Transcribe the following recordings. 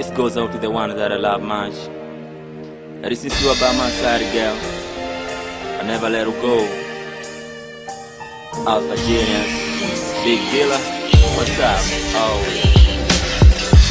This goes out to the one that I love much. This is you about my side, girl, I never let her go. Alpha genius, big dealer, what's up? Oh.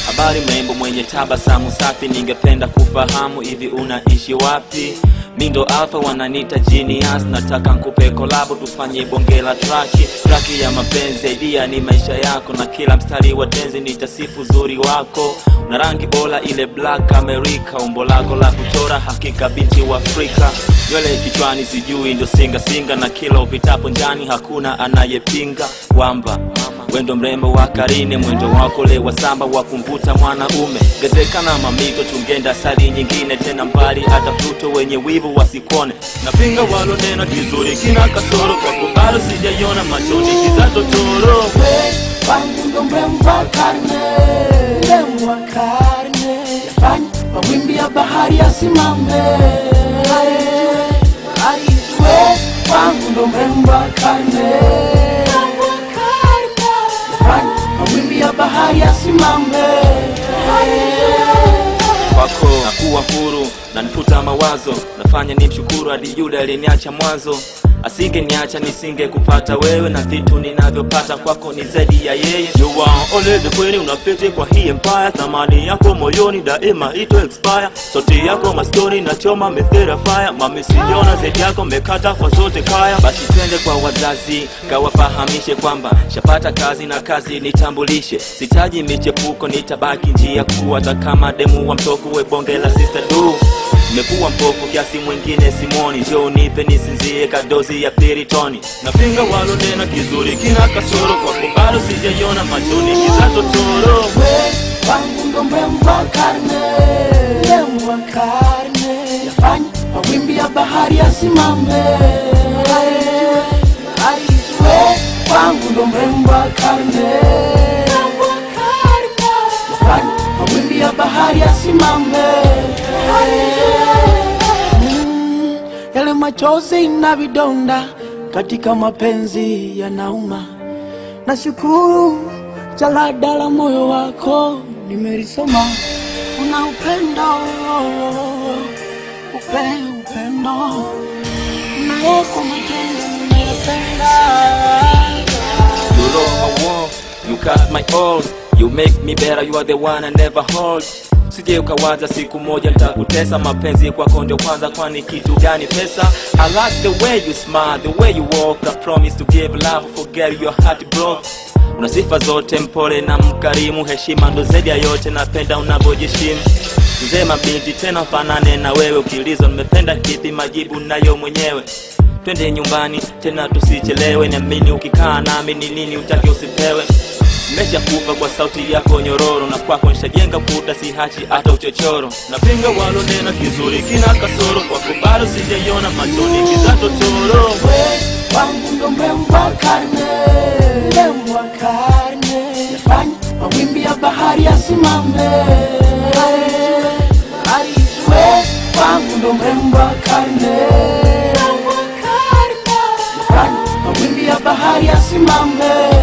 Habari mrembo mwenye tabasamu safi, ningependa kufahamu hivi unaishi wapi? Mindo Alpha wananita genius, nataka nkupe kolabo tufanye bongela traki traki ya mapenzi, idea ni maisha yako, na kila mstari wa tenzi nitasifu uzuri wako na rangi bora ile black America, umbo lako la kuchora hakika binti wa Afrika, nywele kichwani sijui ndio singa singa, na kila upitapo njani hakuna anayepinga kwamba wendo mrembo wa karine, mwendo wako lewa samba wa kumvuta mwanaume. Gezeka na mamito, tungenda sali nyingine tena mbali, hata Pluto wenye wivu wasikone. na walo nena kizuri kina kasoro, kwako bado sijaiona machoni kiza totoro. We, wa karne, yafanya mawimbi ya bahari yasimame. Arijue wangu ndo mrembo wa karne, yafanya mawimbi ya bahari yasimame. Wako nakuwa huru nanifuta mawazo, nafanya ni mshukuru hadi yule aliniacha mwanzo. nisinge kupata wewe, na vitu ninavyopata kwako ni zaidi ya yeye. Yuwaoleze kweli unafiti kwa hii empire, thamani yako moyoni daima ito expire. soti yako mastori nachoma methera fire, mami zaidi yako mekata kwa zote kaya. Basi twende kwa wazazi kawafahamishe kwamba shapata kazi na kazi nitambulishe, sitaji michepuko, nitabaki njia kuu, hata kama demu wa mtoku bonge la sister du mekuwa mpofu kiasi mwingine simoni, njoo unipe nisinzie kadozi ya piritoni. Napinga walo tena kizuri kina kasoro, kwako bado sijaiona machoni kizatotoro. We wangu ndo mrembo wa karne, mrembo wa karne, yafanya mawimbi ya bahari yasimame. We wangu ndo mrembo wa karne yale machozi na vidonda katika mapenzi yanauma. Nashukuru jalada la moyo wako nimelisoma, una upendo upe upendo naweko mapenzi hold sije ukawaza siku moja nitakutesa. Mapenzi kwako ndio kwanza, kwani kitu gani pesa? I like the way you smile, the way you walk. I promise to give love, forget your heart broke. Una sifa zote, mpole na mkarimu, heshima ndo zaidi ya yote, napenda unavyojishimu mzee. Mabinti tena fanane na wewe, ukiulizwa nimependa kipi, majibu nayo mwenyewe. Twende nyumbani tena tusichelewe, niamini ukikaa nami ni nini utaki usipewe mesha kufa kwa sauti yako nyororo, na kwako nishajenga kuta, sihachi hata uchochoro. na pinga walonena kizuri kina kasoro, kwako bado sijaiona machoni kiza totoro. Wangu ndo karne, karne, mawimbi ya bahari Wangu ndo karne, mawimbi ya bahari yasimame.